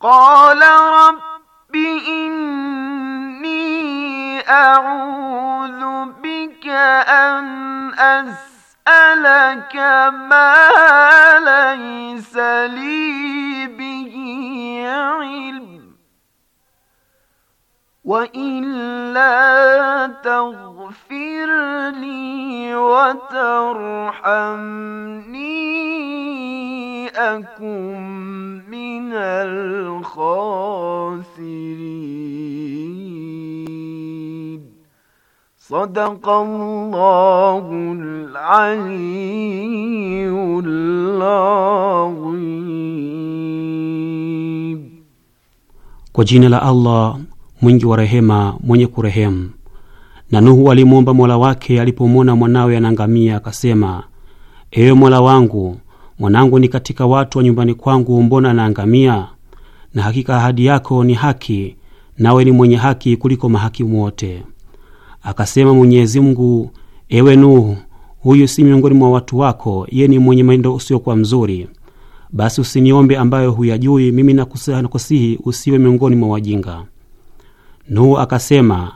قال رب إني أعوذ بك أن أسألك ما ليس لي به علم وإلا تغفر لي وترحمني أكن من الخاسرين صدق الله العلي العظيم وجينا لأ الله mwingi wa rehema, mwenye kurehemu. Na Nuhu alimwomba mola wake alipomwona mwanawe anaangamia, akasema: ewe mola wangu, mwanangu ni katika watu wa nyumbani kwangu, mbona anaangamia? Na hakika ahadi yako ni haki, nawe ni mwenye haki kuliko mahakimu wote. Akasema Mwenyezi Mungu: ewe Nuhu, huyu si miongoni mwa watu wako, yeye ni mwenye mwenendo usiokuwa mzuri, basi usiniombe ambayo huyajui. Mimi nakusihi usiwe miongoni mwa wajinga. Nuhu akasema,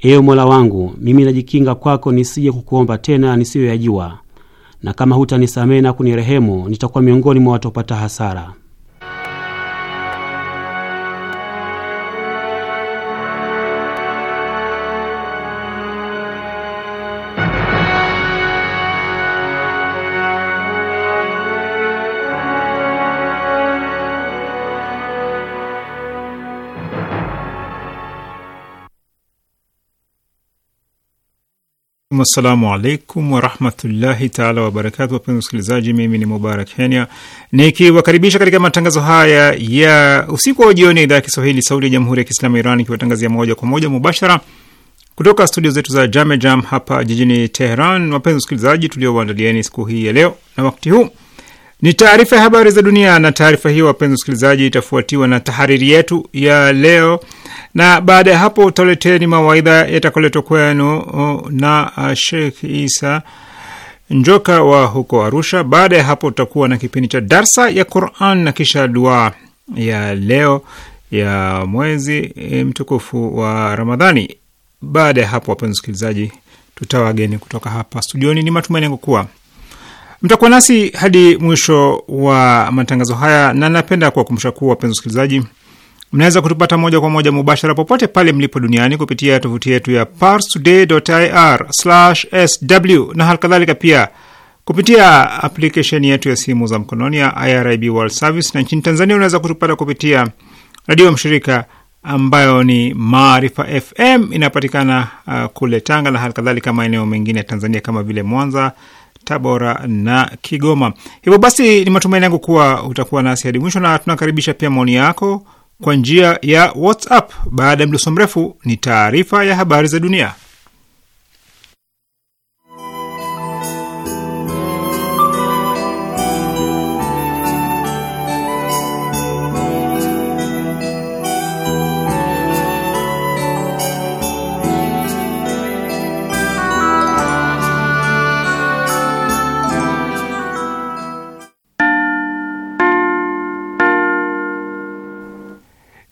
ewe Mola wangu, mimi najikinga kwako nisije kukuomba tena nisiyoyajua, na kama hutanisamehe na kunirehemu nitakuwa miongoni mwa watu wapata hasara. Assalamu alaikum warahmatullahi taala wabarakatu. Wapenzi wasikilizaji, mimi ni Mubarak Kenya nikiwakaribisha katika matangazo haya ya usiku wa jioni ya idhaa ya Kiswahili sauti ya jamhuri ya Kiislamu ya Iran ikiwatangazia moja kwa moja mubashara kutoka studio zetu za Jamejam hapa jijini Teheran. Wapenzi wasikilizaji, tuliowaandalieni siku hii ya leo na wakati huu ni taarifa ya habari za dunia, na taarifa hiyo, wapenzi wasikilizaji, itafuatiwa na tahariri yetu ya leo, na baada ya hapo utaleteni mawaidha yatakoletwa kwenu na Sheikh Isa Njoka wa huko Arusha. Baada ya hapo tutakuwa na kipindi cha darsa ya Quran na kisha dua ya leo ya mwezi e, mtukufu wa Ramadhani. Baada ya hapo, wapenzi wasikilizaji, tutawageni kutoka hapa studioni. Ni matumaini yangu kuwa Mtakuwa nasi hadi mwisho wa matangazo haya, na napenda kuwakumbusha kuwa, wapenzi wasikilizaji, mnaweza kutupata moja kwa moja mubashara popote pale mlipo duniani kupitia tovuti yetu ya parstoday.ir/sw na kadhalika pia kupitia aplikesheni yetu ya simu za mkononi ya IRIB World Service, na nchini Tanzania unaweza kutupata kupitia redio mshirika ambayo ni Maarifa FM, inapatikana uh, kule Tanga na halikadhalika maeneo mengine ya Tanzania kama vile Mwanza, Tabora na Kigoma. Hivyo basi ni matumaini yangu kuwa utakuwa nasi hadi mwisho, na tunakaribisha pia maoni yako kwa njia ya WhatsApp. Baada ya mdoso mrefu, ni taarifa ya habari za dunia.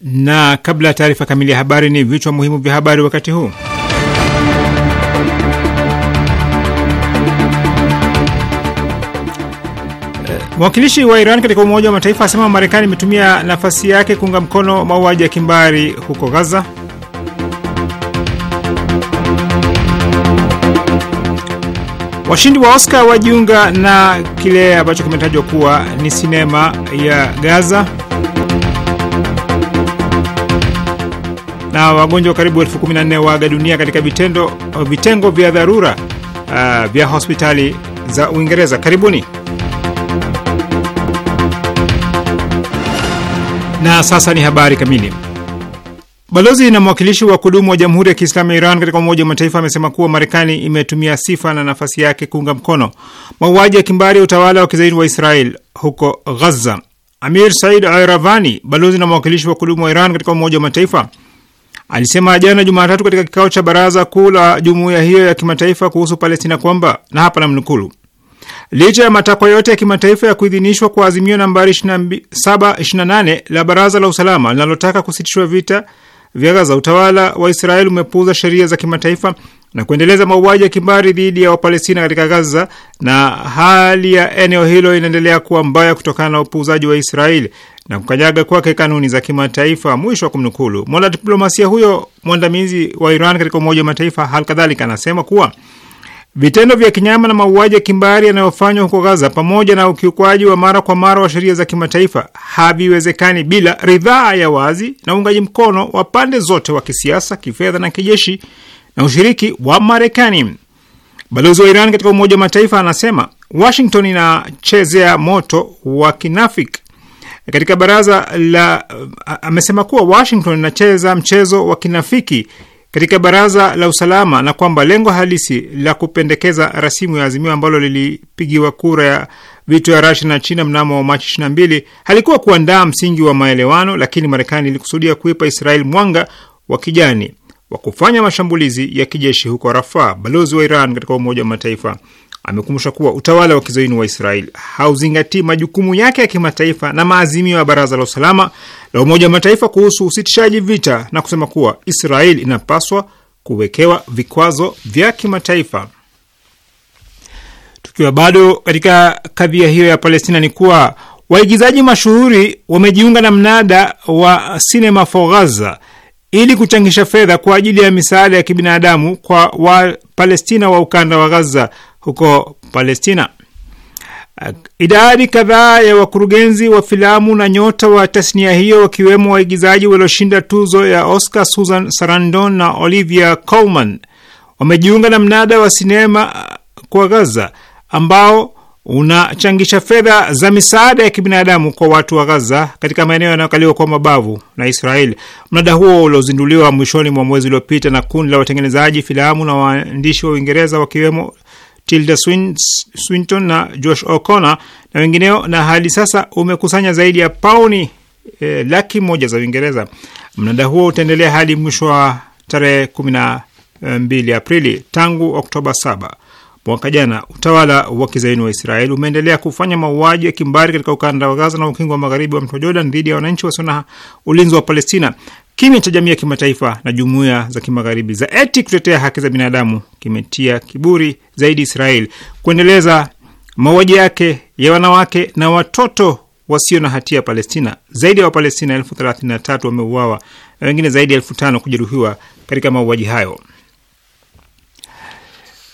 na kabla ya taarifa kamili ya habari ni vichwa muhimu vya habari wakati huu. Mwakilishi wa Iran katika Umoja wa Mataifa asema Marekani imetumia nafasi yake kuunga mkono mauaji ya kimbari huko Gaza. Washindi wa Oscar wajiunga na kile ambacho kimetajwa kuwa ni sinema ya Gaza. na wagonjwa karibu elfu kumi na nne waaga dunia katika vitendo, vitengo vya dharura uh, vya hospitali za Uingereza. Karibuni. Na sasa ni habari kamili. Balozi na mwakilishi wa kudumu wa Jamhuri ya Kiislamu ya Iran katika Umoja wa Mataifa amesema kuwa Marekani imetumia sifa na nafasi yake kuunga mkono mauaji ya kimbari ya utawala wa kizaini wa Israel huko Ghaza. Amir Said Airavani, balozi na mwakilishi wa kudumu wa Iran katika Umoja wa Mataifa, alisema jana Jumatatu katika kikao cha baraza kuu la jumuiya hiyo ya kimataifa kuhusu Palestina kwamba na hapa namnukuu, licha ya matakwa yote ya kimataifa ya kuidhinishwa kwa azimio nambari 2728 la Baraza la Usalama linalotaka kusitishwa vita vya Gaza. Utawala wa Israeli umepuuza sheria za kimataifa na kuendeleza mauaji ya kimbari dhidi ya Wapalestina katika Gaza, na hali ya eneo hilo inaendelea kuwa mbaya kutokana na upuuzaji wa Israeli na kukanyaga kwake kanuni za kimataifa. Mwisho wa kumnukulu. Mwanadiplomasia huyo mwandamizi wa Iran katika Umoja wa Mataifa halikadhalika anasema kuwa Vitendo vya kinyama na mauaji ya kimbari yanayofanywa huko Gaza pamoja na ukiukwaji wa mara kwa mara wa sheria za kimataifa haviwezekani bila ridhaa ya wazi na uungaji mkono wa pande zote wa kisiasa, kifedha na kijeshi na ushiriki wa Marekani. Balozi wa Iran katika Umoja wa Mataifa anasema Washington inachezea moto wa kinafik katika baraza la. Amesema kuwa Washington inacheza mchezo wa kinafiki katika Baraza la Usalama na kwamba lengo halisi la kupendekeza rasimu ya azimio ambalo lilipigiwa kura ya vitu ya Russia na China mnamo Machi 22 halikuwa kuandaa msingi wa maelewano, lakini Marekani ilikusudia kuipa Israel mwanga wa kijani wa kufanya mashambulizi ya kijeshi huko Rafah. Balozi wa Iran katika Umoja wa Mataifa amekumbusha kuwa utawala wa kizoini wa Israel hauzingatii majukumu yake ya kimataifa na maazimio ya Baraza la Usalama la Umoja wa Mataifa kuhusu usitishaji vita na kusema kuwa Israel inapaswa kuwekewa vikwazo vya kimataifa. Tukiwa bado katika kadhia hiyo ya Palestina, ni kuwa waigizaji mashuhuri wamejiunga na mnada wa Cinema for Gaza ili kuchangisha fedha kwa ajili ya misaada ya kibinadamu kwa Wapalestina wa ukanda wa Gaza huko Palestina. Idadi kadhaa ya wakurugenzi wa filamu na nyota wa tasnia hiyo wakiwemo waigizaji walioshinda tuzo ya Oscar Susan Sarandon na Olivia Colman wamejiunga na mnada wa sinema kwa Gaza ambao unachangisha fedha za misaada ya kibinadamu kwa watu wa Gaza katika maeneo yanayokaliwa kwa mabavu na Israeli. Mnada huo uliozinduliwa mwishoni mwa mwezi uliopita na kundi la watengenezaji filamu na waandishi wa Uingereza wakiwemo Tilda Swinton na Josh O'Connor na wengineo, na hadi sasa umekusanya zaidi ya pauni e, laki moja za Uingereza. Mnada huo utaendelea hadi mwisho wa tarehe 12 eh, Aprili. Tangu Oktoba 7 mwaka jana, utawala wa kizaini wa Israeli umeendelea kufanya mauaji ya kimbari katika ukanda wa Gaza na ukingo wa magharibi wa mto Jordan dhidi ya wananchi wasio na ulinzi wa Palestina. Kimya cha jamii ya kimataifa na jumuiya za kimagharibi za eti kutetea haki za binadamu kimetia kiburi zaidi Israel kuendeleza mauaji yake ya wanawake na watoto wasio na hatia Palestina. Zaidi ya Wapalestina elfu thelathini na tatu wameuawa na wengine zaidi ya elfu tano kujeruhiwa katika mauaji hayo.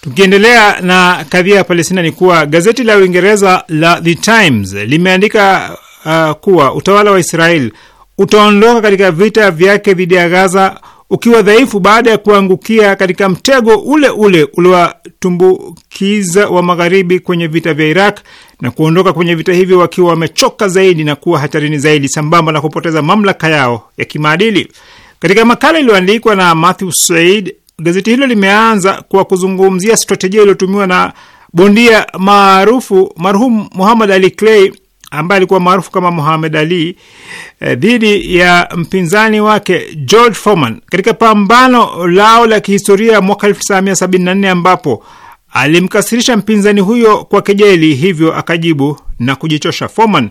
Tukiendelea na kadhia ya Palestina ni kuwa gazeti la Uingereza la The Times limeandika uh, kuwa utawala wa Israel utaondoka katika vita vyake dhidi ya Gaza ukiwa dhaifu baada ya kuangukia katika mtego ule ule uliwatumbukiza wa magharibi kwenye vita vya Iraq na kuondoka kwenye vita hivyo wakiwa wamechoka zaidi na kuwa hatarini zaidi, sambamba na kupoteza mamlaka yao ya kimaadili. Katika makala iliyoandikwa na Matthew Said, gazeti hilo limeanza kwa kuzungumzia strategia iliyotumiwa na bondia maarufu marhum Muhammad Ali Clay ambaye alikuwa maarufu kama Muhammad Ali eh, dhidi ya mpinzani wake George Foreman katika pambano lao la kihistoria mwaka 1974 ambapo alimkasirisha mpinzani huyo kwa kejeli, hivyo akajibu na kujichosha. Foreman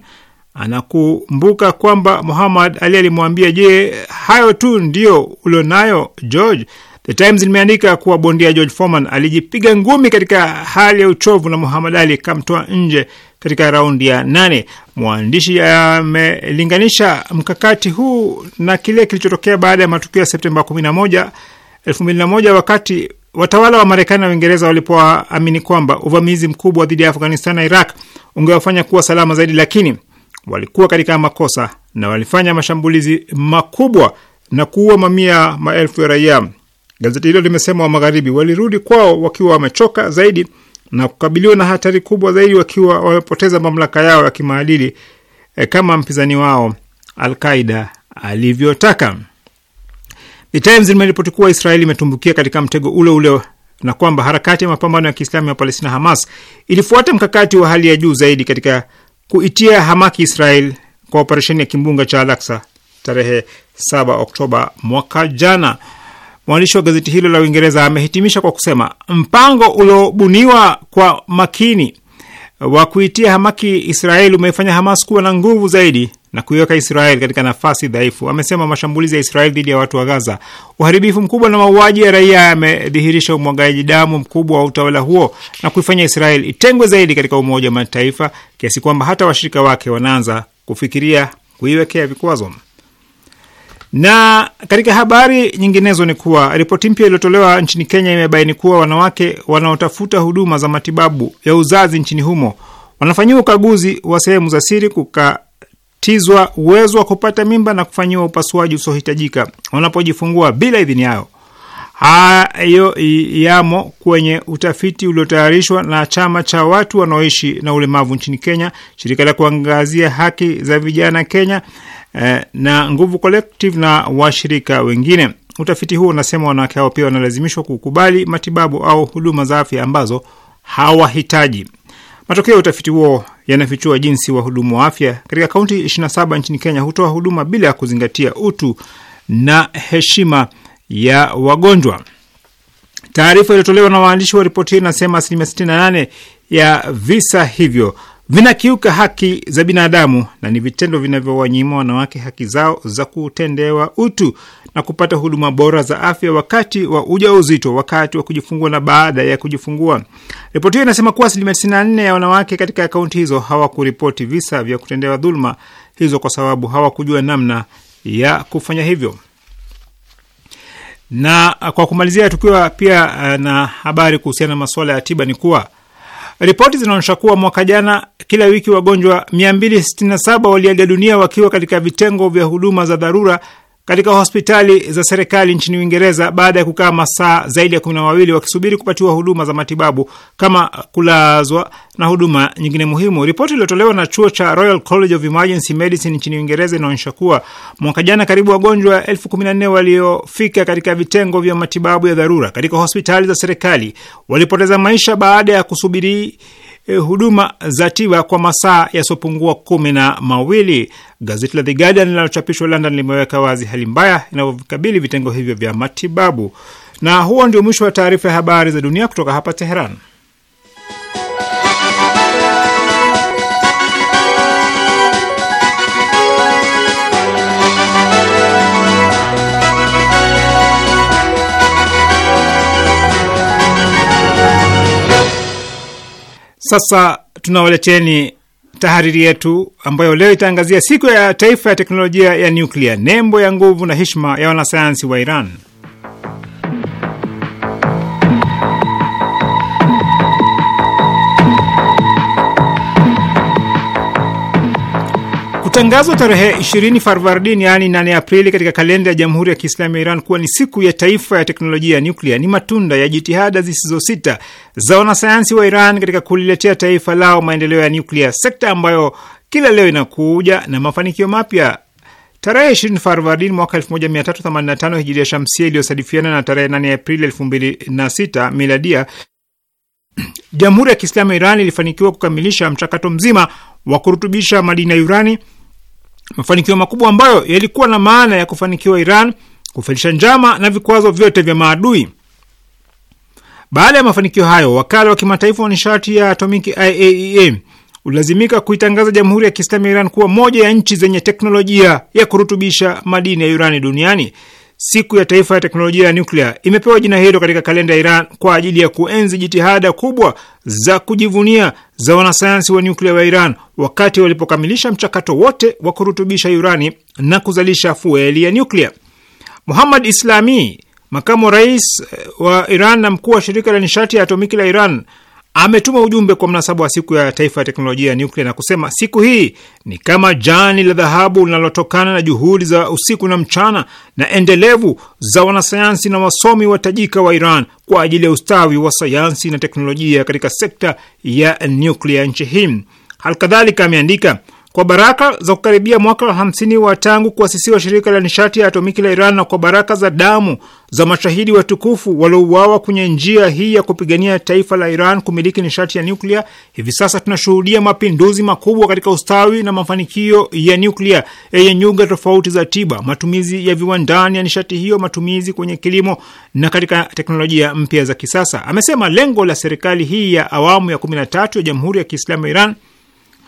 anakumbuka kwamba Muhammad Ali alimwambia, je, hayo tu ndio ulionayo George? The Times limeandika kuwa bondia George Foreman alijipiga ngumi katika hali ya uchovu na Muhammad Ali kamtoa nje katika raundi ya nane. Mwandishi amelinganisha mkakati huu na kile kilichotokea baada ya matukio ya Septemba 11, 2001 wakati watawala wa Marekani na Uingereza walipoamini kwamba uvamizi mkubwa dhidi ya Afghanistan na Iraq ungewafanya kuwa salama zaidi, lakini walikuwa katika makosa na walifanya mashambulizi makubwa na kuua mamia maelfu ya raia. Gazeti hilo limesema wa magharibi walirudi kwao wakiwa wamechoka zaidi na kukabiliwa na hatari kubwa zaidi wakiwa wamepoteza mamlaka yao ya kimaadili e, kama mpinzani wao Alqaida alivyotaka. The Times limeripoti kuwa Israeli imetumbukia katika mtego ule ule na kwamba harakati ya mapambano ya Kiislamu ya Palestina Hamas ilifuata mkakati wa hali ya juu zaidi katika kuitia hamaki Israel kwa operesheni ya kimbunga cha Al-Aqsa tarehe 7 Oktoba mwaka jana mwandishi wa gazeti hilo la Uingereza amehitimisha kwa kusema mpango uliobuniwa kwa makini wa kuitia hamaki Israeli umeifanya Hamas kuwa na nguvu zaidi na kuiweka Israeli katika nafasi dhaifu. Amesema mashambulizi ya Israeli dhidi ya watu wa Gaza, uharibifu mkubwa na mauaji ya raia yamedhihirisha umwagaji damu mkubwa wa utawala huo na kuifanya Israeli itengwe zaidi katika Umoja wa Mataifa kiasi kwamba hata washirika wake wanaanza kufikiria kuiwekea vikwazo. Na katika habari nyinginezo ni kuwa ripoti mpya iliyotolewa nchini Kenya imebaini kuwa wanawake wanaotafuta huduma za matibabu ya uzazi nchini humo wanafanyiwa ukaguzi wa sehemu za siri, kukatizwa uwezo wa kupata mimba na kufanyiwa upasuaji usiohitajika wanapojifungua bila idhini yao. Hayo yamo kwenye utafiti uliotayarishwa na chama cha watu wanaoishi na ulemavu nchini Kenya, shirika la kuangazia haki za vijana Kenya Eh, na Nguvu Collective na washirika wengine. Utafiti huo unasema wanawake hao pia wanalazimishwa kukubali matibabu au huduma za afya ambazo hawahitaji. Matokeo ya utafiti huo yanafichua jinsi wahudumu wa afya katika kaunti 27 nchini Kenya hutoa huduma bila ya kuzingatia utu na heshima ya wagonjwa. Taarifa iliyotolewa na waandishi wa ripoti hii inasema asilimia 68 ya visa hivyo vinakiuka haki za binadamu na ni vitendo vinavyowanyima wanawake haki zao za kutendewa utu na kupata huduma bora za afya wakati wa ujauzito, wakati wa kujifungua na baada ya kujifungua. Ripoti hiyo inasema kuwa asilimia 94 ya wanawake katika akaunti hizo hawakuripoti visa vya kutendewa dhuluma hizo kwa sababu hawakujua namna ya kufanya hivyo. Na kwa kumalizia, tukiwa pia eh, na habari kuhusiana na masuala ya tiba ni kuwa Ripoti zinaonyesha kuwa mwaka jana kila wiki wagonjwa 267 waliaga dunia wakiwa katika vitengo vya huduma za dharura katika hospitali za serikali nchini Uingereza baada ya kukaa masaa zaidi ya kumi na mawili wakisubiri kupatiwa huduma za matibabu kama kulazwa na huduma nyingine muhimu. Ripoti iliyotolewa na chuo cha Royal College of Emergency Medicine nchini Uingereza inaonyesha kuwa mwaka jana karibu wagonjwa elfu kumi na nne waliofika katika vitengo vya matibabu ya dharura katika hospitali za serikali walipoteza maisha baada ya kusubiri eh, huduma za tiba kwa masaa yasiopungua kumi na mawili. Gazeti la The Guardian linalochapishwa London limeweka wazi hali mbaya inavyovikabili vitengo hivyo vya matibabu. Na huo ndio mwisho wa taarifa ya habari za dunia kutoka hapa Teheran. Sasa tunawaleteni tahariri yetu ambayo leo itaangazia siku ya taifa ya teknolojia ya nyuklia, nembo ya nguvu na heshima ya wanasayansi wa Iran. Tangazo tarehe 20 Farvardin, yaani 8 Aprili, katika kalenda ya Jamhuri ya Kiislamu ya Iran kuwa ni siku ya taifa ya teknolojia ya nyuklia ni matunda ya jitihada zisizosita za wanasayansi wa Iran katika kuliletea taifa lao maendeleo ya nyuklia, sekta ambayo kila leo inakuja na mafanikio mapya. Tarehe 20 Farvardin mwaka 1385 hijiria shamsia iliyosadifiana na tarehe 8 Aprili 2006 miladia, Jamhuri ya Kiislamu ya Iran ilifanikiwa kukamilisha mchakato mzima wa kurutubisha madini ya urani mafanikio makubwa ambayo yalikuwa na maana ya kufanikiwa Iran kufelisha njama na vikwazo vyote vya maadui. Baada ya mafanikio hayo, wakala wa kimataifa wa nishati ya atomiki IAEA e ulilazimika kuitangaza Jamhuri ya Kiislamu ya Iran kuwa moja ya nchi zenye teknolojia ya kurutubisha madini ya urani duniani siku ya taifa ya teknolojia ya nuklia imepewa jina hilo katika kalenda ya Iran kwa ajili ya kuenzi jitihada kubwa za kujivunia za wanasayansi wa nyuklia wa Iran wakati walipokamilisha mchakato wote wa kurutubisha urani na kuzalisha fueli ya nyuklia. Muhammad Islami, makamu rais eh, wa Iran na mkuu wa shirika la nishati ya atomiki la Iran, ametuma ujumbe kwa mnasaba wa siku ya taifa ya teknolojia ya nuklia na kusema siku hii ni kama jani la dhahabu linalotokana na juhudi za usiku na mchana na endelevu za wanasayansi na wasomi watajika wa Iran kwa ajili ya ustawi wa sayansi na teknolojia katika sekta ya nyuklia nchi hii. Halikadhalika ameandika kwa baraka za kukaribia mwaka wa hamsini wa tangu kuasisiwa shirika la nishati ya atomiki la Iran na kwa baraka za damu za mashahidi watukufu waliouawa kwenye njia hii ya kupigania taifa la Iran kumiliki nishati ya nyuklia, hivi sasa tunashuhudia mapinduzi makubwa katika ustawi na mafanikio ya nyuklia yenye nyuga tofauti za tiba, matumizi ya viwandani ya nishati hiyo, matumizi kwenye kilimo na katika teknolojia mpya za kisasa, amesema. Lengo la serikali hii ya awamu ya 13 ya Jamhuri ya Kiislamu ya Iran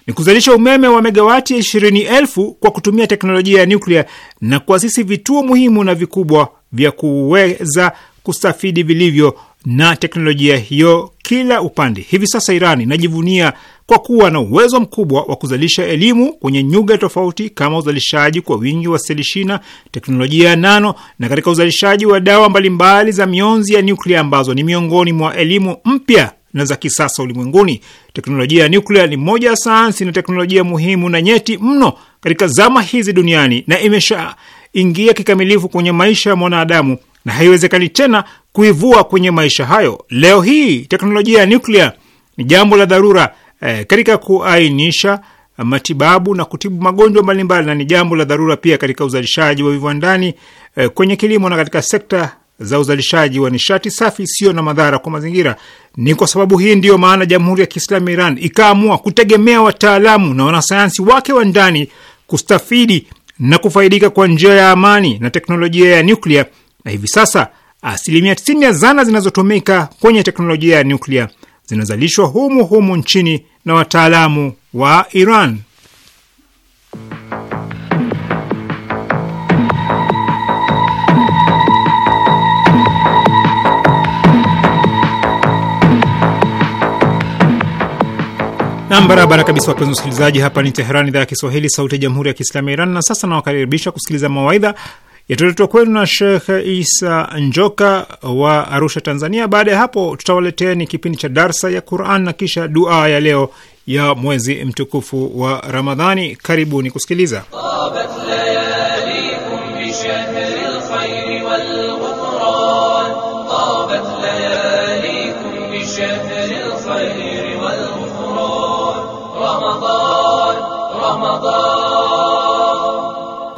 ni kuzalisha umeme wa megawati ishirini elfu kwa kutumia teknolojia ya nyuklia na kuasisi vituo muhimu na vikubwa vya kuweza kustafidi vilivyo na teknolojia hiyo kila upande. Hivi sasa Iran inajivunia kwa kuwa na uwezo mkubwa wa kuzalisha elimu kwenye nyuga tofauti kama uzalishaji kwa wingi wa selishina, teknolojia ya nano na katika uzalishaji wa dawa mbalimbali za mionzi ya nyuklia ambazo ni miongoni mwa elimu mpya na za kisasa ulimwenguni. Teknolojia ya nyuklia ni moja ya sayansi na teknolojia muhimu na nyeti mno katika zama hizi duniani na imeshaingia kikamilifu kwenye maisha ya mwanadamu na haiwezekani tena kuivua kwenye maisha hayo. Leo hii teknolojia ya nyuklia ni jambo la dharura eh, katika kuainisha matibabu na kutibu magonjwa mbalimbali, na ni jambo la dharura pia katika uzalishaji wa viwandani eh, kwenye kilimo na katika sekta za uzalishaji wa nishati safi isiyo na madhara kwa mazingira. Ni kwa sababu hii ndiyo maana Jamhuri ya Kiislamu ya Iran ikaamua kutegemea wataalamu na wanasayansi wake wa ndani kustafidi na kufaidika kwa njia ya amani na teknolojia ya nuklia, na hivi sasa asilimia 90 ya zana zinazotumika kwenye teknolojia ya nuklia zinazalishwa humu humu nchini na wataalamu wa Iran. Nam, barabara kabisa, wapenzi wasikilizaji, hapa ni Teherani, idhaa ya Kiswahili, sauti ya jamhuri ya kiislamu ya Iran. Na sasa nawakaribisha kusikiliza mawaidha yataletwa kwenu na Shekh Isa Njoka wa Arusha, Tanzania. Baada ya hapo, tutawaletea ni kipindi cha darsa ya Quran na kisha dua ya leo ya mwezi mtukufu wa Ramadhani. Karibuni kusikiliza.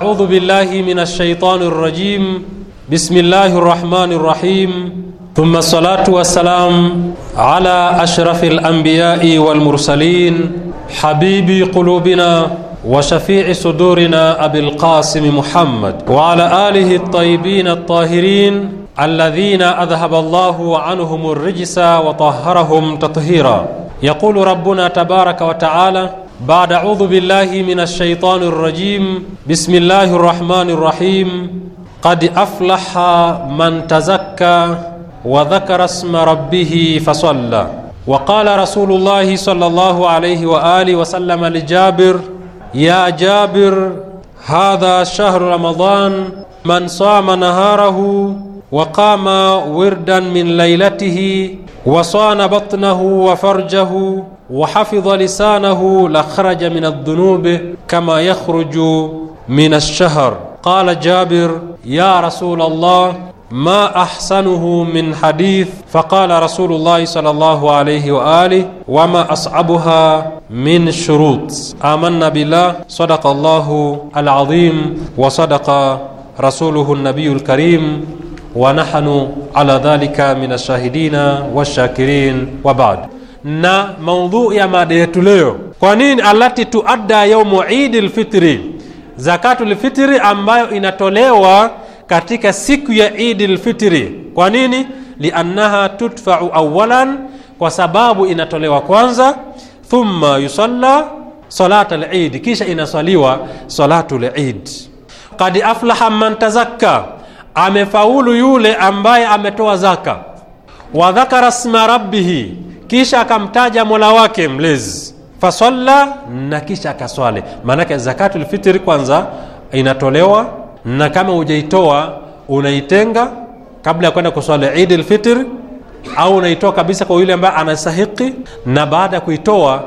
أعوذ بالله من الشيطان الرجيم بسم الله الرحمن الرحيم ثم الصلاة والسلام على أشرف الأنبياء والمرسلين حبيب قلوبنا وشفيع صدورنا أبي القاسم محمد وعلى آله الطيبين الطاهرين الذين أذهب الله عنهم الرجس وطهرهم تطهيرا يقول ربنا تبارك وتعالى بعد أعوذ بالله من الشيطان الرجيم بسم الله الرحمن الرحيم قد أفلح من تزكى وذكر اسم ربه فصلى وقال رسول الله صلى الله عليه وآله وسلم لجابر يا جابر هذا شهر رمضان من صام نهاره وقام وردا من ليلته وصان بطنه وفرجه وحفظ لسانه لخرج من الذنوب كما يخرج من الشهر قال جابر يا رسول الله ما أحسنه من حديث فقال رسول الله صلى الله عليه وآله وما أصعبها من شروط آمنا بالله صدق الله العظيم وصدق رسوله النبي الكريم ونحن على ذلك من الشاهدين والشاكرين وبعد na maudhui ya mada yetu leo. Kwa nini? alati tuadda yaumu idi lfitri, zakatu lfitri ambayo inatolewa katika siku ya idi lfitri. Kwa nini? Liannaha tudfau awalan, kwa sababu inatolewa kwanza. Thumma yusalla salata lidi, kisha inaswaliwa salatu lidi. Kad aflaha man tazakka, amefaulu yule ambaye ametoa zaka. Wa dhakara sma rabbihi kisha akamtaja mola wake mlezi fasalla na kisha akaswali maanake zakatulfitiri kwanza inatolewa na kama hujaitoa unaitenga kabla ya kwenda kuswali idi lfitiri au unaitoa kabisa kwa yule ambaye anastahiki na baada ya kuitoa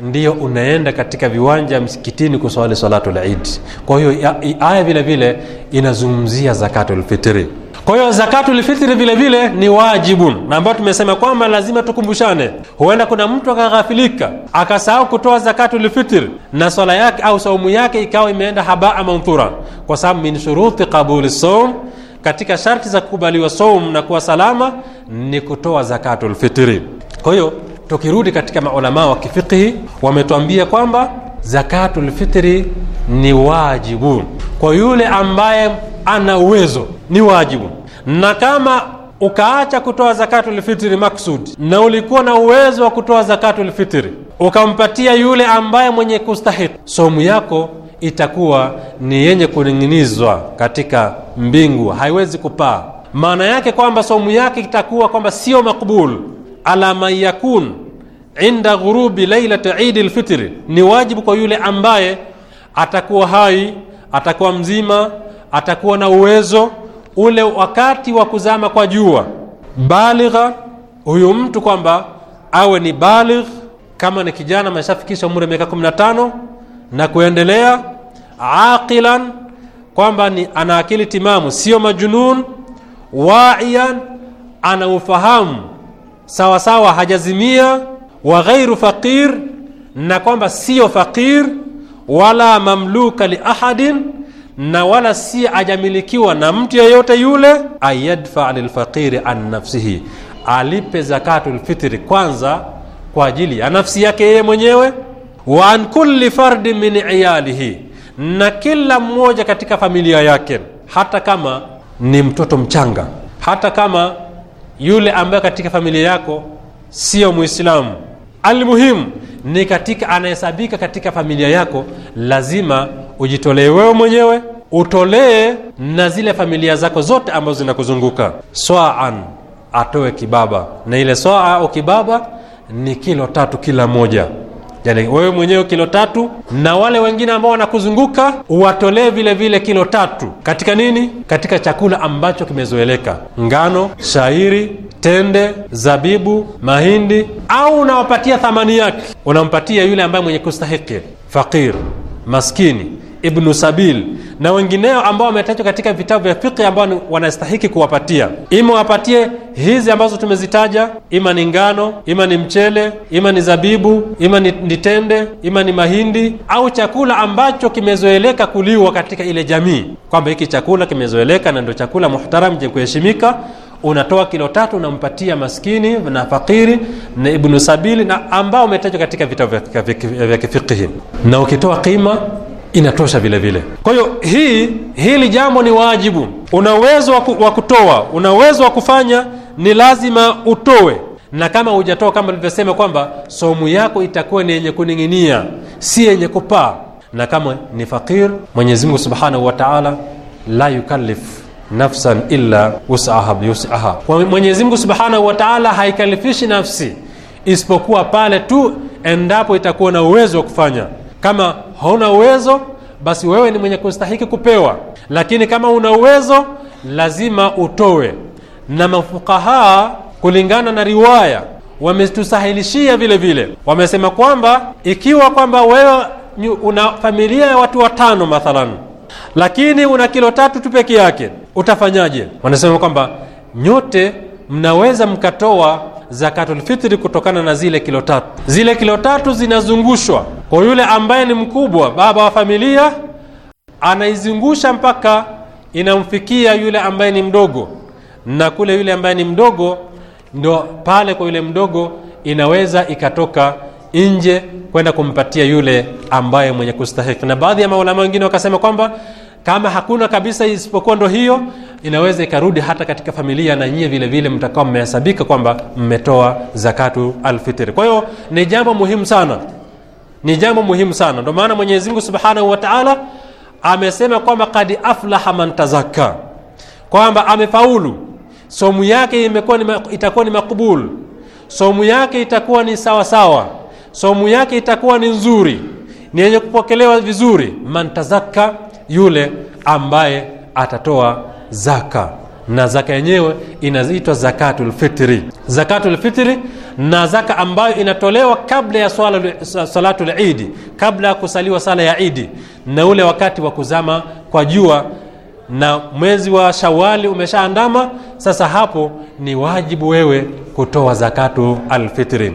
ndio unaenda katika viwanja msikitini kuswali salatu lidi kwa hiyo aya vile vile inazungumzia zakatulfitiri kwa hiyo zakatul fitri vile vile ni wajibu na ambayo tumesema kwamba lazima tukumbushane. Huenda kuna mtu akaghafilika akasahau kutoa zakatul fitri na swala yake au saumu yake ikawa imeenda habaa mandhura kwa sababu min shuruti qabuli saum, katika sharti za kukubaliwa saum na kuwa salama ni kutoa zakatul fitri. Kwa hiyo tukirudi katika maulamaa wa kifiqhi wametuambia kwamba zakatul fitri ni wajibu kwa yule ambaye ana uwezo, ni wajibu. Na kama ukaacha kutoa zakatu lfitiri maksudi na ulikuwa na uwezo wa kutoa zakatu lfitiri ukampatia yule ambaye mwenye kustahiki, somu yako itakuwa ni yenye kuning'inizwa katika mbingu, haiwezi kupaa. Maana yake kwamba somu yake itakuwa kwamba sio makbul. ala man yakun inda ghurubi lailati idi lfitiri ni wajibu kwa yule ambaye atakuwa hai, atakuwa mzima atakuwa na uwezo ule wakati wa kuzama kwa jua baligha huyu mtu kwamba awe ni baligh kama ni kijana ameshafikisha umri wa miaka 15 na kuendelea aqilan kwamba ni ana akili timamu sio majunun waian ana ufahamu sawasawa hajazimia wa ghairu faqir na kwamba sio faqir wala mamluka liahadin na wala si ajamilikiwa na mtu yeyote yule, ayadfa lilfaqiri an nafsihi, alipe zakatu lfitri kwanza kwa ajili ya nafsi yake yeye mwenyewe, wa an kulli fardi min iyalihi, na kila mmoja katika familia yake, hata kama ni mtoto mchanga, hata kama yule ambaye katika familia yako siyo Muislamu. Almuhimu ni katika anahesabika katika familia yako, lazima ujitolee wewe mwenyewe, utolee na zile familia zako zote ambazo zinakuzunguka. Swaan atoe kibaba, na ile swaa au kibaba ni kilo tatu kila moja. Yani wewe mwenyewe kilo tatu na wale wengine ambao wanakuzunguka uwatolee vile vile kilo tatu. Katika nini? Katika chakula ambacho kimezoeleka: ngano, shairi, tende, zabibu, mahindi, au unawapatia thamani yake, unampatia yule ambaye mwenye kustahiki, fakir maskini ibnu sabil na wengineo ambao wametajwa katika vitabu vya fiqhi ambao wanastahiki kuwapatia ima wapatie hizi ambazo tumezitaja ima ni ngano ima ni mchele ima ni zabibu ima ni, tende ima ni mahindi au chakula ambacho kimezoeleka kuliwa katika ile jamii kwamba hiki chakula kimezoeleka na ndio chakula muhtaram je kuheshimika unatoa kilo tatu unampatia maskini na fakiri na ibnu sabili na ambao umetajwa katika vitabu vya kifikihi na ukitoa qima inatosha vile vile kwa hiyo hii hili jambo ni wajibu una uwezo wa kutoa una uwezo wa kufanya ni lazima utoe na kama hujatoa kama nilivyosema kwamba somu yako itakuwa ni yenye kuning'inia si yenye kupaa na kama ni fakir mwenyezi mungu subhanahu wa taala la yukalif nafsan illa wusaha biusaha. Mwenyezi Mungu subhanahu wa taala haikalifishi nafsi isipokuwa pale tu endapo itakuwa na uwezo wa kufanya. Kama hauna uwezo, basi wewe ni mwenye kustahiki kupewa, lakini kama una uwezo, lazima utowe. Na mafukaha kulingana na riwaya wametusahilishia vile vile, wamesema kwamba ikiwa kwamba wewe una familia ya watu watano mathalan, lakini una kilo tatu tu peke yake utafanyaje wanasema kwamba nyote mnaweza mkatoa zakatulfitri kutokana na zile kilo tatu zile kilo tatu zinazungushwa kwa yule ambaye ni mkubwa baba wa familia anaizungusha mpaka inamfikia yule ambaye ni mdogo na kule yule ambaye ni mdogo ndo pale kwa yule mdogo inaweza ikatoka nje kwenda kumpatia yule ambaye mwenye kustahiki na baadhi ya maulama wengine wakasema kwamba kama hakuna kabisa isipokuwa ndo hiyo inaweza ikarudi hata katika familia na nyie vile vile mtakuwa mmehesabika kwamba mmetoa zakatu alfitri kwa hiyo ni jambo muhimu sana ni jambo muhimu sana ndio maana mwenyezi mungu subhanahu wa taala amesema kwamba kad aflaha man tazakka kwamba amefaulu somu yake imekuwa ni, itakuwa ni makbul somu yake itakuwa ni sawasawa somu yake itakuwa ni nzuri ni yenye kupokelewa vizuri man tazakka yule ambaye atatoa zaka na zaka yenyewe inaitwa Zakatul zakatulfitri na zaka ambayo inatolewa kabla ya salatu lidi kabla ya kusaliwa sala ya idi na ule wakati wa kuzama kwa jua na mwezi wa shawali umeshaandama sasa hapo ni wajibu wewe kutoa zakatu alfitri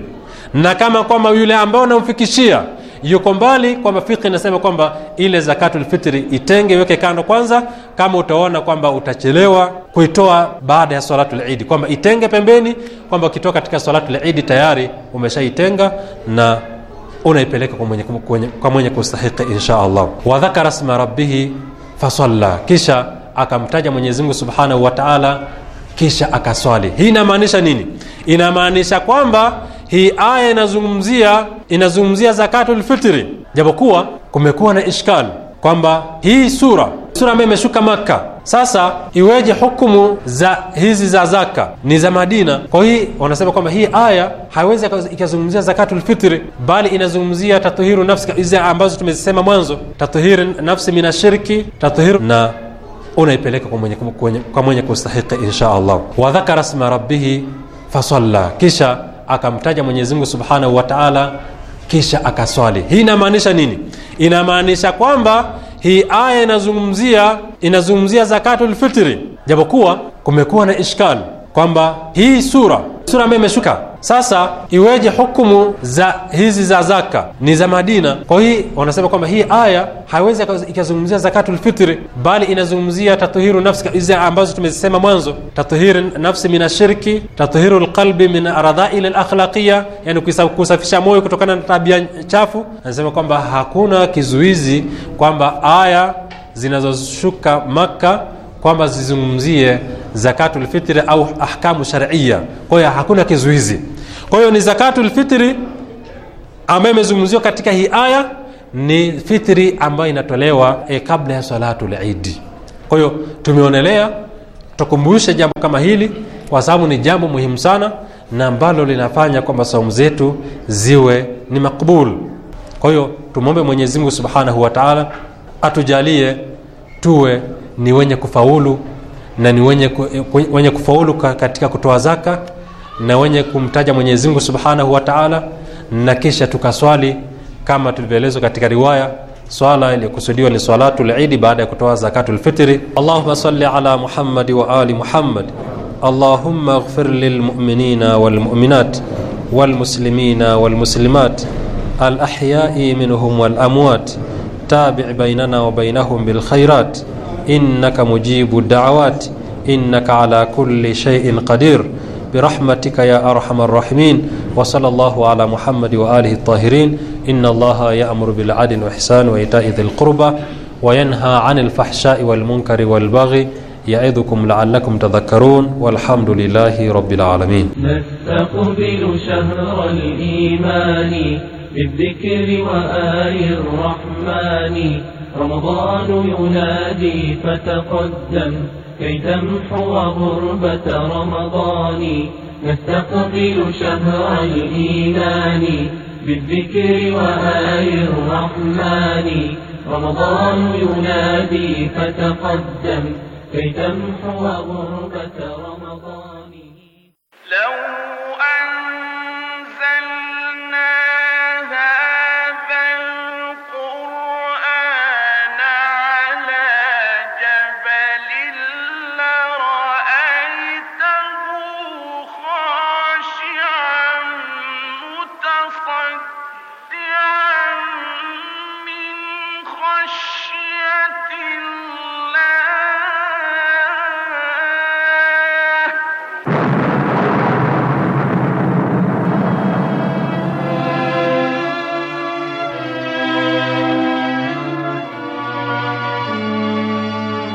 na kama kwamba yule ambaye unamfikishia yuko mbali kwamba fikhi inasema kwamba ile zakatulfitri itenge iweke kando kwanza kama utaona kwamba utachelewa kuitoa baada ya salatul idi kwamba itenge pembeni kwamba ukitoa katika salatu lidi tayari umeshaitenga na unaipeleka kwa mwenye, kwa mwenye kustahiki insha allah wadhakara sma rabbihi fasalla kisha akamtaja mwenyezimungu subhanahu wa taala kisha akaswali hii inamaanisha nini inamaanisha kwamba hii aya inazungumzia inazungumzia zakatul fitri, japokuwa kumekuwa na ishkal kwamba hii sura sura ambayo imeshuka Makka, sasa iweje hukumu za hizi za zaka ni za Madina? Kwa hii wanasema kwamba hii aya haiwezi ikazungumzia zakatul fitri, bali inazungumzia tatuhiru nafsi, hizi ambazo tumezisema mwanzo, tatuhiru nafsi minashirki, tatuhiru na unaipeleka kwa mwenye, kwa mwenye kustahiki insha Allah. Wa dhakara sma rabbihi fasalla, kisha akamtaja mwenyezi mungu subhanahu wa taala kisha akaswali hii inamaanisha nini inamaanisha kwamba hii aya inazungumzia inazungumzia fitri, japokuwa kumekuwa na ishkali kwamba hii sura sura ambayo imeshuka sasa iweje hukumu za hizi za zaka ni za Madina? Kwa hii wanasema kwamba hii aya haiwezi ikazungumzia zakatul fitri, bali inazungumzia tatuhiru nafsi, hizi ambazo tumezisema mwanzo, tatuhiru nafsi min ashirki, tatuhiru lqalbi min aradhail lakhlaqia yani kusafisha moyo kutokana na tabia chafu. Anasema kwamba hakuna kizuizi kwamba aya zinazoshuka makka kwamba zizungumzie zakatul fitri au ahkamu sharia kwa hiyo hakuna kizuizi kwa hiyo ni zakatul fitri ambayo imezungumziwa katika hii aya ni fitri ambayo inatolewa e, kabla ya salatul idi kwa hiyo tumeonelea tukumbushe jambo kama hili kwa sababu ni jambo muhimu sana na ambalo linafanya kwamba saumu zetu ziwe ni makbul kwa hiyo tumwombe mwenyezi mungu subhanahu wataala atujalie tuwe ni wenye kufaulu na ni wenye, ku, wenye kufaulu katika kutoa zaka na wenye kumtaja mwenyezi mungu subhanahu wa taala na kisha tukaswali kama tulivyoelezwa katika riwaya swala iliyokusudiwa ni salatu lidi baada ya kutoa zakatu lfitri Allahumma salli ala Muhammad wa ali muhammad Allahumma ighfir lil mu'minina wal wal mu'minat muslimina wal muslimat al ahya'i minhum wal walamwat tabic bainana bil khairat إنك مجيب الدعوات إنك على كل شيء قدير برحمتك يا أرحم الراحمين وصلى الله على محمد وآله الطاهرين إن الله يأمر بالعدل والإحسان وإيتاء ذي القربى وينهى عن الفحشاء والمنكر والبغي يعظكم لعلكم تذكرون والحمد لله رب العالمين نستقبل شهر الإيمان بالذكر وآل الرحمن رمضان ينادي فتقدم كي تمحو غربة رمضان نستقبل شهر الإيمان بالذكر وآل الرحمن رمضان ينادي فتقدم كي تمحو غربة رمضان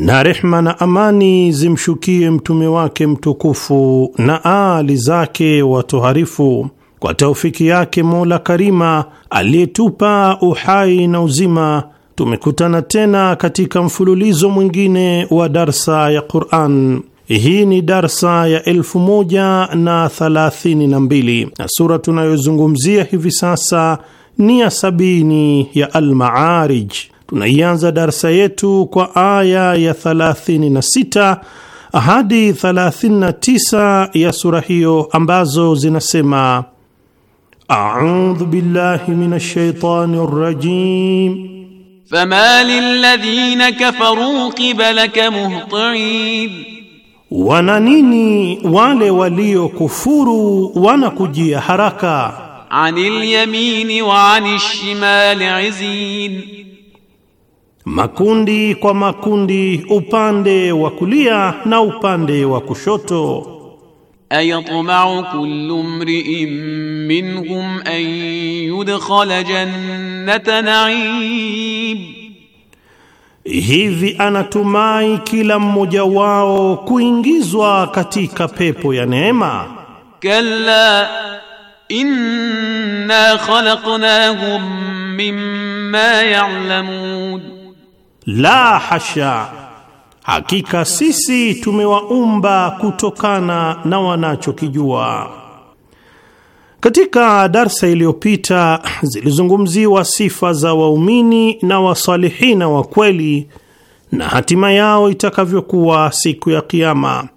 na rehma na amani zimshukie mtume wake mtukufu na aali zake watoharifu. Kwa taufiki yake Mola Karima aliyetupa uhai na uzima, tumekutana tena katika mfululizo mwingine wa darsa ya Quran. Hii ni darsa ya elfu moja na thalathini na mbili na sura tunayozungumzia hivi sasa ni ya sabini ya Almaarij. Tunaianza darsa yetu kwa aya ya 36 hadi 39 ya sura hiyo ambazo zinasema: audhu billahi minash shaitani rajim fama ladhina kafaru qibalaka muhtain, wana nini wale waliokufuru wanakujia haraka. Anil yamini wa anish shimali izin makundi kwa makundi, upande wa kulia na upande wa kushoto. ayatma'u kullu mri'in minhum an yudkhala jannata na'im, hivi anatumai kila mmoja wao kuingizwa katika pepo ya neema. kalla inna khalaqnahum mimma ya'lamun la hasha, hakika sisi tumewaumba kutokana na wanachokijua. Katika darsa iliyopita zilizungumziwa sifa za waumini na wasalihina wa kweli na hatima yao itakavyokuwa siku ya Kiyama.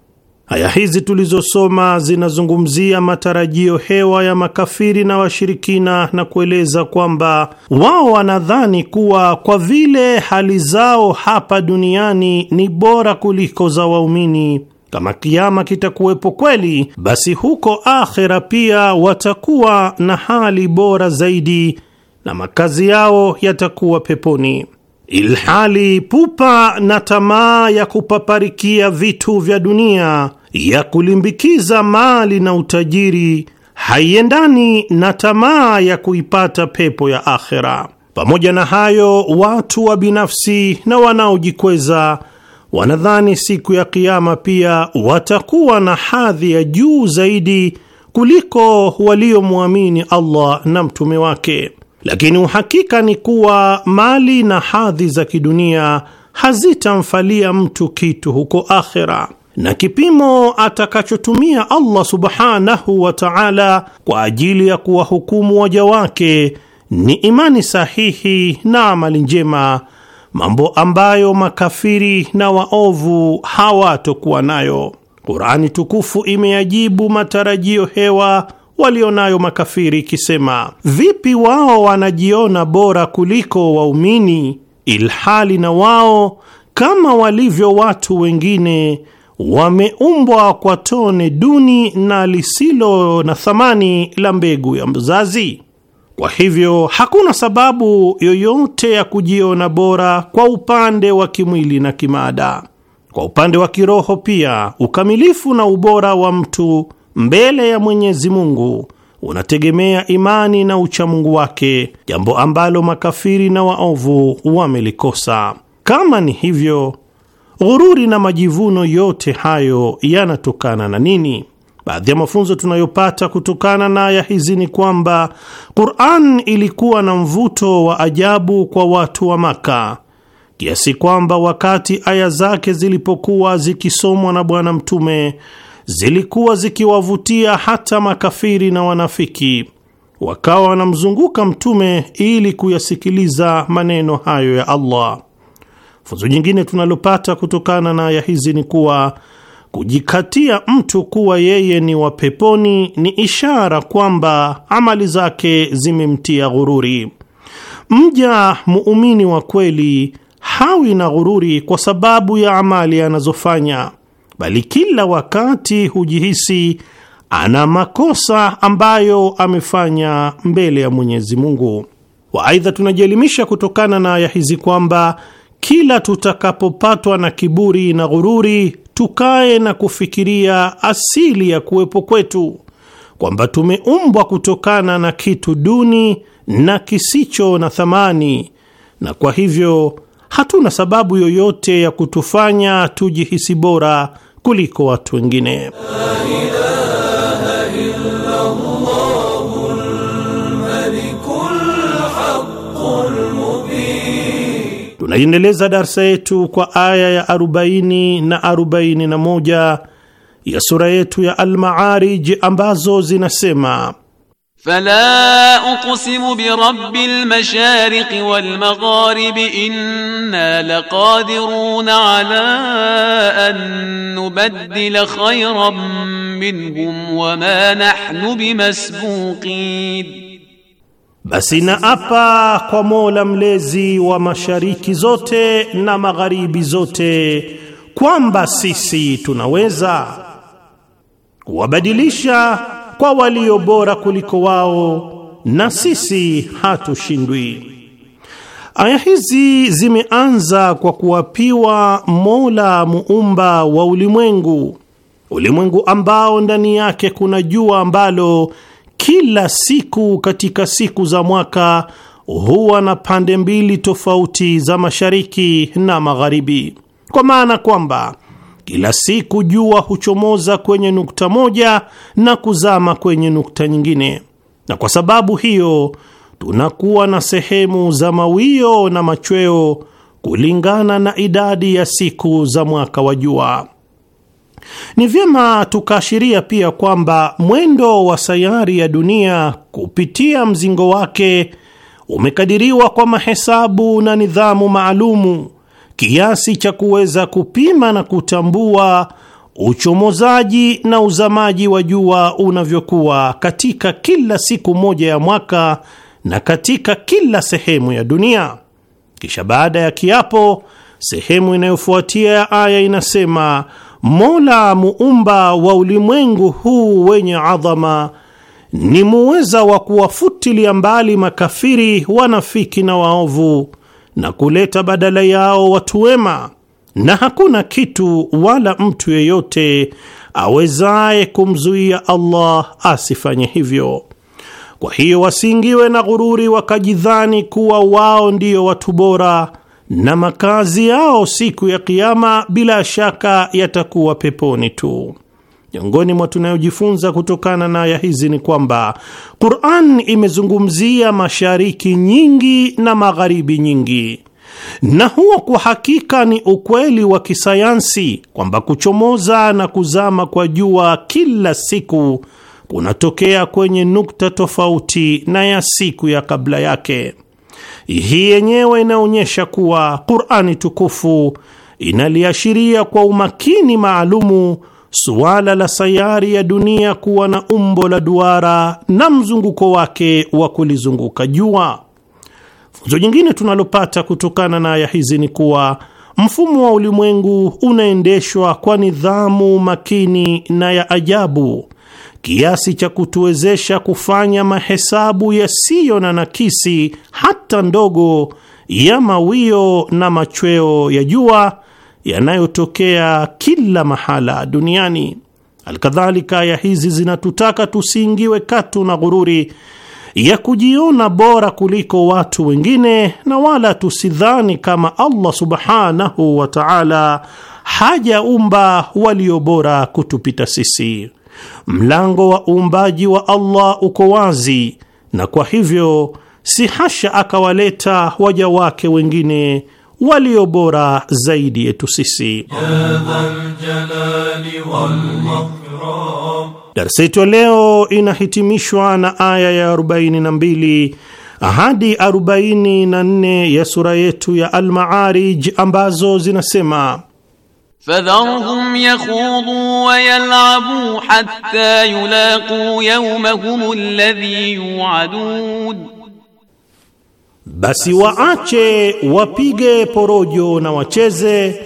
Aya hizi tulizosoma zinazungumzia matarajio hewa ya makafiri na washirikina na kueleza kwamba wao wanadhani kuwa kwa vile hali zao hapa duniani ni bora kuliko za waumini, kama kiama kitakuwepo kweli, basi huko akhera pia watakuwa na hali bora zaidi na makazi yao yatakuwa peponi. Ilhali pupa na tamaa ya kupaparikia vitu vya dunia ya kulimbikiza mali na utajiri haiendani na tamaa ya kuipata pepo ya akhera. Pamoja na hayo, watu wa binafsi na wanaojikweza wanadhani siku ya Kiama pia watakuwa na hadhi ya juu zaidi kuliko waliomwamini Allah na mtume wake, lakini uhakika ni kuwa mali na hadhi za kidunia hazitamfalia mtu kitu huko akhera na kipimo atakachotumia Allah subhanahu wa ta'ala kwa ajili ya kuwahukumu waja wake ni imani sahihi na amali njema, mambo ambayo makafiri na waovu hawatokuwa nayo. Qur'ani tukufu imeyajibu matarajio hewa walionayo makafiri ikisema, vipi wao wanajiona bora kuliko waumini, ilhali na wao kama walivyo watu wengine wameumbwa kwa tone duni na lisilo na thamani la mbegu ya mzazi. Kwa hivyo hakuna sababu yoyote ya kujiona bora kwa upande wa kimwili na kimada Kwa upande wa kiroho pia, ukamilifu na ubora wa mtu mbele ya Mwenyezi Mungu unategemea imani na uchamungu wake, jambo ambalo makafiri na waovu wamelikosa. Kama ni hivyo Ghururi na majivuno yote hayo yanatokana na nini? Baadhi ya mafunzo tunayopata kutokana na aya hizi ni kwamba Qur'an ilikuwa na mvuto wa ajabu kwa watu wa Maka kiasi kwamba wakati aya zake zilipokuwa zikisomwa na Bwana Mtume zilikuwa zikiwavutia hata makafiri na wanafiki, wakawa wanamzunguka Mtume ili kuyasikiliza maneno hayo ya Allah. Funzo jingine tunalopata kutokana na aya hizi ni kuwa kujikatia mtu kuwa yeye ni wa peponi ni ishara kwamba amali zake zimemtia ghururi. Mja muumini wa kweli hawi na ghururi kwa sababu ya amali anazofanya, bali kila wakati hujihisi ana makosa ambayo amefanya mbele ya Mwenyezi Mungu. Waaidha, tunajielimisha kutokana na aya hizi kwamba kila tutakapopatwa na kiburi na ghururi, tukae na kufikiria asili ya kuwepo kwetu, kwamba tumeumbwa kutokana na kitu duni na kisicho na thamani, na kwa hivyo hatuna sababu yoyote ya kutufanya tujihisi bora kuliko watu wengine. tunaiendeleza darsa yetu kwa aya ya 40 na 41 ya sura yetu ya Al-Ma'arij ambazo zinasema Fala uqsimu bi rabbil mashariq wal magharib inna laqadirun ala an nubaddila khayran minhum wama nahnu bimasbuqin Basi naapa kwa Mola mlezi wa mashariki zote na magharibi zote kwamba sisi tunaweza kuwabadilisha kwa walio bora kuliko wao na sisi hatushindwi. Aya hizi zimeanza kwa kuapiwa Mola muumba wa ulimwengu, ulimwengu ambao ndani yake kuna jua ambalo kila siku katika siku za mwaka huwa na pande mbili tofauti za mashariki na magharibi, kwa maana kwamba kila siku jua huchomoza kwenye nukta moja na kuzama kwenye nukta nyingine, na kwa sababu hiyo tunakuwa na sehemu za mawio na machweo kulingana na idadi ya siku za mwaka wa jua. Ni vyema tukaashiria pia kwamba mwendo wa sayari ya dunia kupitia mzingo wake umekadiriwa kwa mahesabu na nidhamu maalumu kiasi cha kuweza kupima na kutambua uchomozaji na uzamaji wa jua unavyokuwa katika kila siku moja ya mwaka na katika kila sehemu ya dunia. Kisha baada ya kiapo, sehemu inayofuatia ya aya inasema Mola muumba wa ulimwengu huu wenye adhama ni muweza wa kuwafutilia mbali makafiri, wanafiki na waovu na kuleta badala yao watu wema, na hakuna kitu wala mtu yeyote awezaye kumzuia Allah asifanye hivyo. Kwa hiyo wasiingiwe na ghururi wakajidhani kuwa wao ndiyo watu bora na makazi yao siku ya Kiama bila shaka yatakuwa peponi tu. Miongoni mwa tunayojifunza kutokana na aya hizi ni kwamba Qur'an imezungumzia mashariki nyingi na magharibi nyingi, na huo kwa hakika ni ukweli wa kisayansi kwamba kuchomoza na kuzama kwa jua kila siku kunatokea kwenye nukta tofauti na ya siku ya kabla yake. Hii yenyewe inaonyesha kuwa Qur'ani tukufu inaliashiria kwa umakini maalumu suala la sayari ya dunia kuwa na umbo la duara na mzunguko wake wa kulizunguka jua. Funzo jingine tunalopata kutokana na aya hizi ni kuwa mfumo wa ulimwengu unaendeshwa kwa nidhamu makini na ya ajabu kiasi cha kutuwezesha kufanya mahesabu yasiyo na nakisi hata ndogo ya mawio na machweo ya jua yanayotokea kila mahala duniani. Alkadhalika, aya hizi zinatutaka tusiingiwe katu na ghururi ya kujiona bora kuliko watu wengine, na wala tusidhani kama Allah subhanahu wa ta'ala hajaumba walio bora kutupita sisi. Mlango wa uumbaji wa Allah uko wazi, na kwa hivyo si hasha akawaleta waja wake wengine walio bora zaidi yetu sisi. Darsa yetu leo inahitimishwa na aya ya 42 hadi 44 ya sura yetu ya Al-Ma'arij ambazo zinasema فذرهم يخوضوا ويلعبوا حتى يلاقوا يومهم الذي يوعدون basi waache wapige porojo na wacheze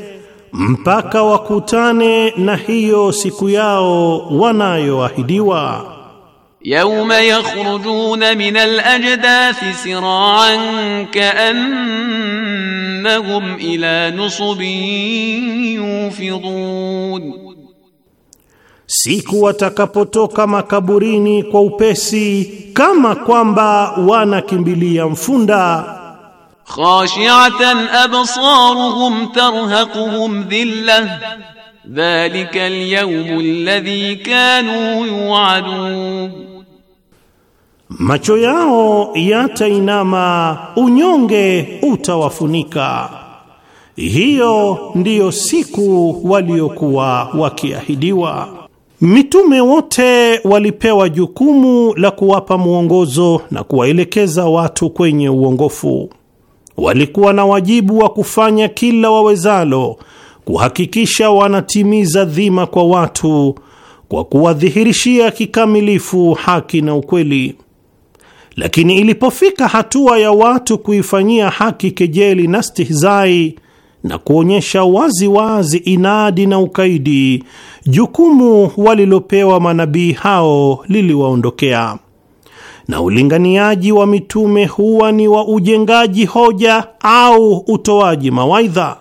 mpaka wakutane na hiyo siku yao wanayoahidiwa يوم يخرجون من الأجداث سراعا كأنهم إلى نصب يوفضون siku watakapotoka makaburini kwa upesi kama kwamba wanakimbilia mfunda. khashi'atan absaruhum tarhaquhum dhillah dhalika al-yawm alladhi kanu yu'adun macho yao yatainama, unyonge utawafunika. Hiyo ndiyo siku waliokuwa wakiahidiwa. Mitume wote walipewa jukumu la kuwapa mwongozo na kuwaelekeza watu kwenye uongofu. Walikuwa na wajibu wa kufanya kila wawezalo kuhakikisha wanatimiza dhima kwa watu kwa kuwadhihirishia kikamilifu haki na ukweli. Lakini ilipofika hatua ya watu kuifanyia haki kejeli na stihzai na kuonyesha wazi wazi inadi na ukaidi, jukumu walilopewa manabii hao liliwaondokea, na ulinganiaji wa mitume huwa ni wa ujengaji hoja au utoaji mawaidha,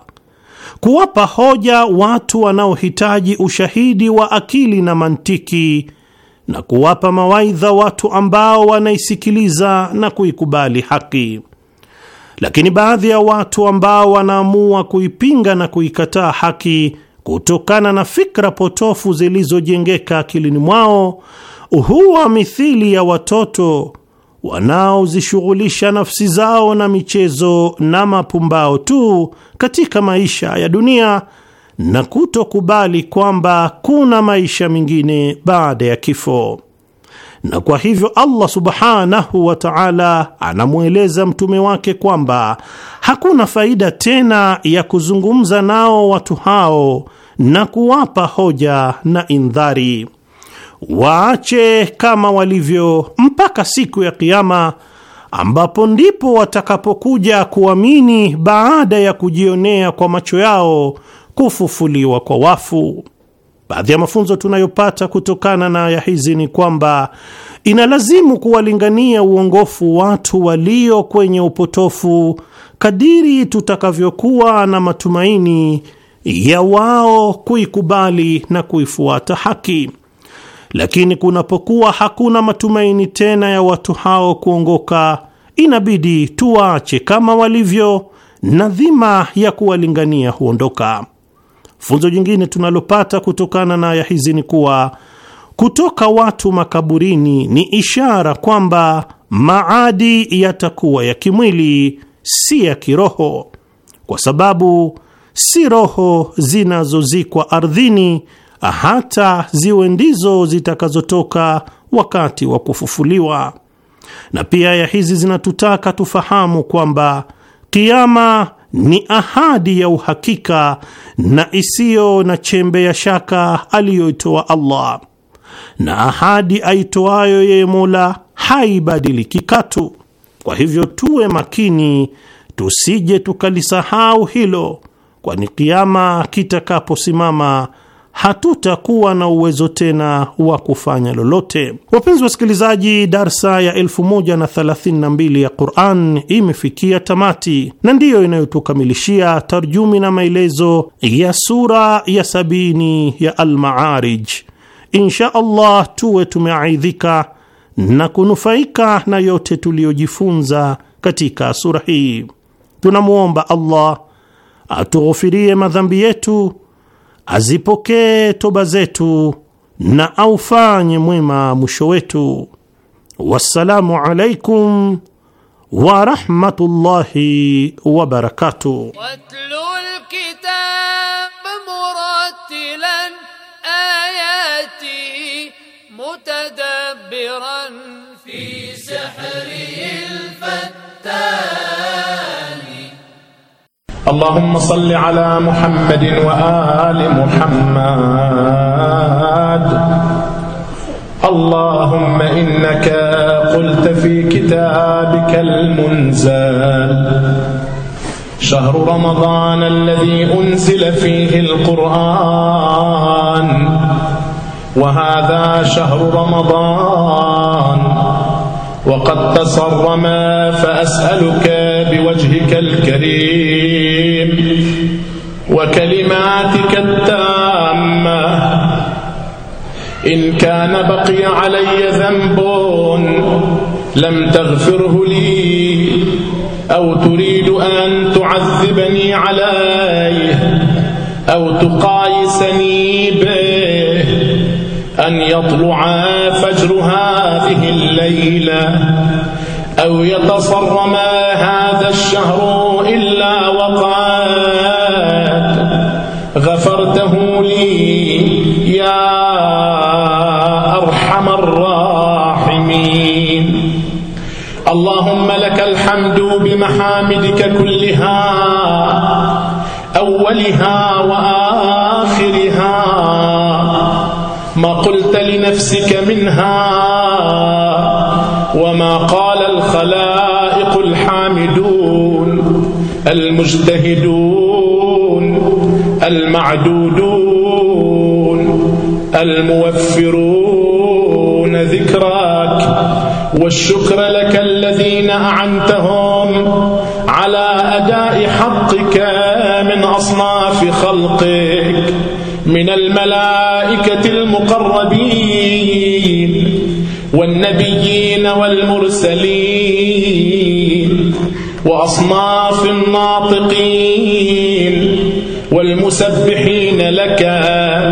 kuwapa hoja watu wanaohitaji ushahidi wa akili na mantiki na kuwapa mawaidha watu ambao wanaisikiliza na kuikubali haki. Lakini baadhi ya watu ambao wanaamua kuipinga na kuikataa haki kutokana na fikra potofu zilizojengeka akilini mwao huwa mithili ya watoto wanaozishughulisha nafsi zao na michezo na mapumbao tu katika maisha ya dunia na kutokubali kwamba kuna maisha mengine baada ya kifo. Na kwa hivyo Allah subhanahu wa ta'ala anamweleza mtume wake kwamba hakuna faida tena ya kuzungumza nao watu hao na kuwapa hoja na indhari, waache kama walivyo mpaka siku ya Kiyama, ambapo ndipo watakapokuja kuamini baada ya kujionea kwa macho yao kufufuliwa kwa wafu. Baadhi ya mafunzo tunayopata kutokana na aya hizi ni kwamba inalazimu kuwalingania uongofu watu walio kwenye upotofu kadiri tutakavyokuwa na matumaini ya wao kuikubali na kuifuata haki. Lakini kunapokuwa hakuna matumaini tena ya watu hao kuongoka, inabidi tuwaache kama walivyo na dhima ya kuwalingania huondoka. Funzo jingine tunalopata kutokana na aya hizi ni kuwa kutoka watu makaburini ni ishara kwamba maadi yatakuwa ya kimwili, si ya kiroho, kwa sababu si roho zinazozikwa ardhini hata ziwe ndizo zitakazotoka wakati wa kufufuliwa. Na pia aya hizi zinatutaka tufahamu kwamba kiama ni ahadi ya uhakika na isiyo na chembe ya shaka aliyoitoa Allah, na ahadi aitoayo yeye Mola haibadiliki katu. Kwa hivyo tuwe makini tusije tukalisahau hilo, kwani kiama kitakaposimama hatutakuwa na uwezo tena wa kufanya lolote. Wapenzi wasikilizaji, darsa ya 1032 ya Quran imefikia tamati na ndiyo inayotukamilishia tarjumi na maelezo ya sura ya sabini ya almaarij Insha Allah tuwe tumeaidhika na kunufaika na yote tuliyojifunza katika sura hii. Tunamwomba Allah atughufirie madhambi yetu azipokee toba zetu na aufanye mwema mwisho wetu. Wassalamu alaikum wa rahmatullahi wa barakatuh. اللهم صل على محمد وآل محمد اللهم إنك قلت في كتابك المنزل شهر رمضان الذي أنزل فيه القرآن وهذا شهر رمضان وقد تصرما فأسألك بوجهك الكريم وكلماتك التامة إن كان بقي علي ذنب لم تغفره لي أو تريد أن تعذبني عليه أو تقايسني به أن يطلع فجر هذه الليلة أو يتصرم هذا الشهر إلا وقات غفرته لي يا أرحم الراحمين اللهم لك الحمد بمحامدك كلها أولها وآخرها ما نفسك منها وما قال الخلائق الحامدون المجتهدون المعدودون الموفرون ذكراك والشكر لك الذين أعنتهم على أداء حقك من أصناف خلقك من الملائكة المقربين والنبيين والمرسلين وأصناف الناطقين والمسبحين لك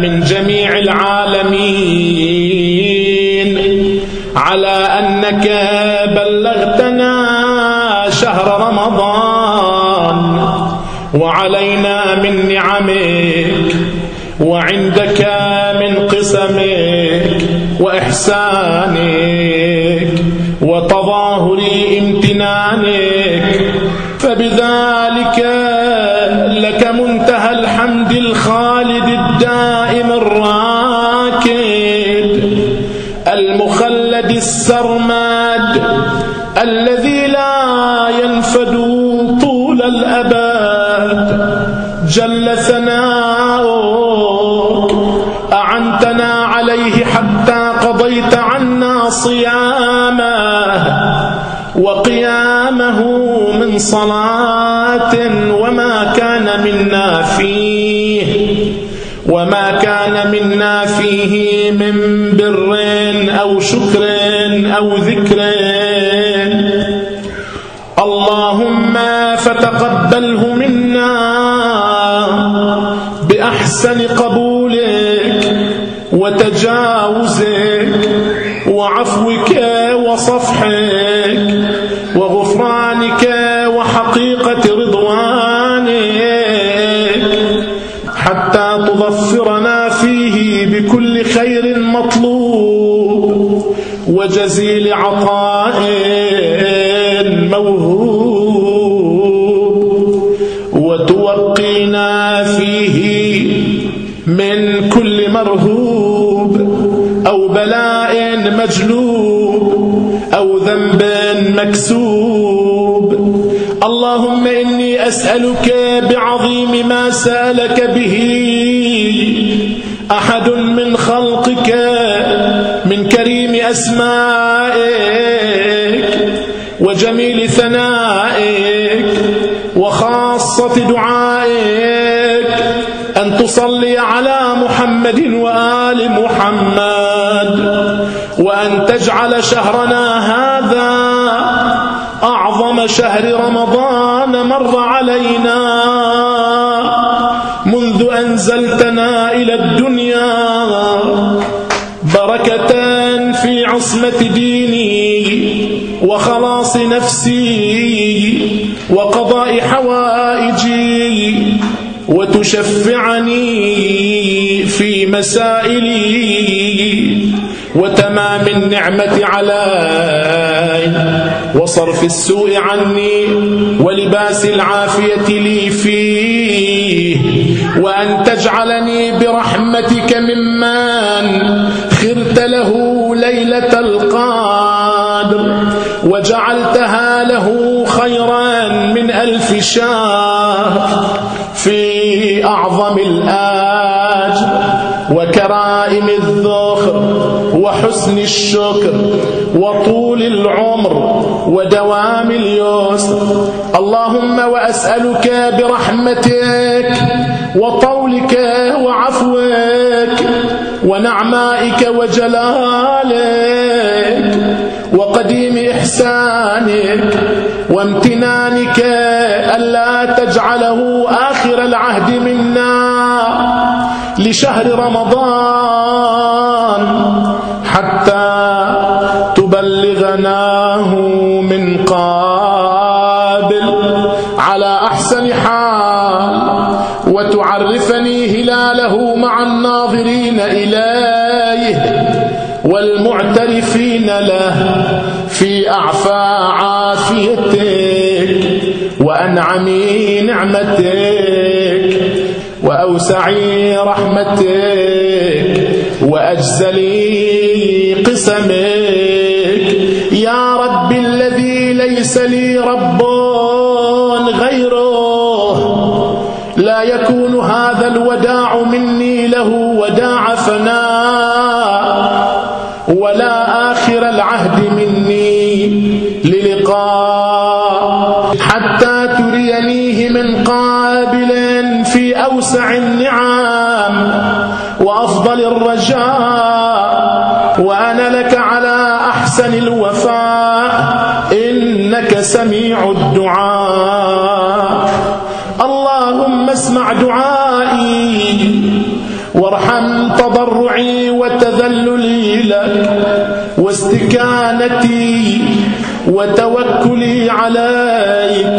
من جميع العالمين على أنك بلغتنا شهر رمضان وعلينا من نعمك وعندك من قسمك وإحسانك وتظاهر امتنانك فبذلك لك منتهى الحمد الخالد الدائم الراكد المخلد السرمان صيامه وقيامه من صلاة وما كان منا فيه وما كان منا فيه من بر أو شكر أو ذكر اللهم فتقبله منا بأحسن قبولك وتجاوزك وعفوك وصفحك وغفرانك وحقيقة رضوانك حتى تظفرنا فيه بكل خير مطلوب وجزيل عطائك أسألك بعظيم ما سألك به أحد من خلقك من كريم أسمائك وجميل ثنائك وخاصة دعائك أن تصلي على محمد وآل محمد وأن تجعل شهرنا هذا شهر رمضان مر علينا منذ أنزلتنا إلى الدنيا بركة في عصمة ديني وخلاص نفسي وقضاء حوائجي وتشفعني في مسائلي وتمام النعمة علي وصرف السوء عني ولباس العافية لي فيه وأن تجعلني برحمتك ممن خرت له ليلة القادر وجعلتها له خيرا من ألف شهر في أعظم الآجر وكرائم الذر وحسن الشكر وطول العمر ودوام اليسر اللهم وأسألك برحمتك وطولك وعفوك ونعمائك وجلالك وقديم إحسانك وامتنانك ألا تجعله آخر العهد منا لشهر رمضان حتى تبلغناه من قابل على أحسن حال وتعرفني هلاله مع الناظرين إليه والمعترفين له في أعفى عافيتك وأنعم نعمتك وأوسع رحمتك واجزلي مستمك يا رب الذي ليس لي رب غيره لا يكون هذا الوداع مني له وداع فناء ولا آخر العهد مني للقاء حتى ترينيه من قابل في أوسع النعم وأفضل الرجال وأنا لك على أحسن الوفاء إنك سميع الدعاء اللهم اسمع دعائي وارحم تضرعي وتذللي لك واستكانتي وتوكلي عليك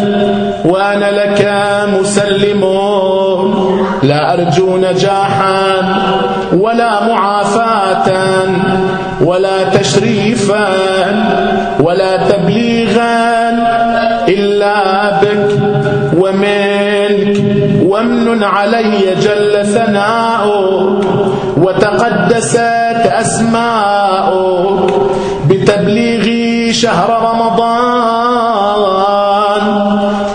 وأنا لك مسلم لا أرجو نجاحا ولا معافاة علي جل ثناؤه وتقدست أسماؤه بتبليغي شهر رمضان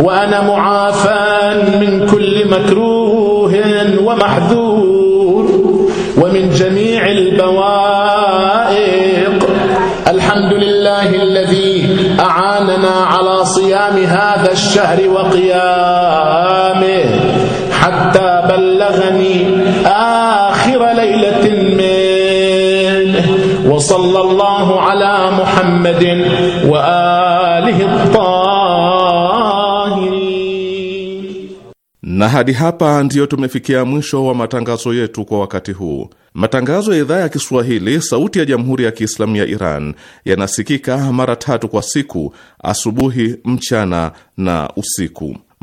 وأنا معافى من كل مكروه ومحذور ومن جميع البوائق الحمد لله الذي أعاننا على صيام هذا الشهر وقيامه حتى بلغني آخر ليلة منه وصلى الله على محمد وآله na hadi hapa ndiyo tumefikia mwisho wa matangazo yetu kwa wakati huu. Matangazo ya idhaa ya Kiswahili sauti ya jamhuri ya Kiislamu ya Iran yanasikika mara tatu kwa siku: asubuhi, mchana na usiku.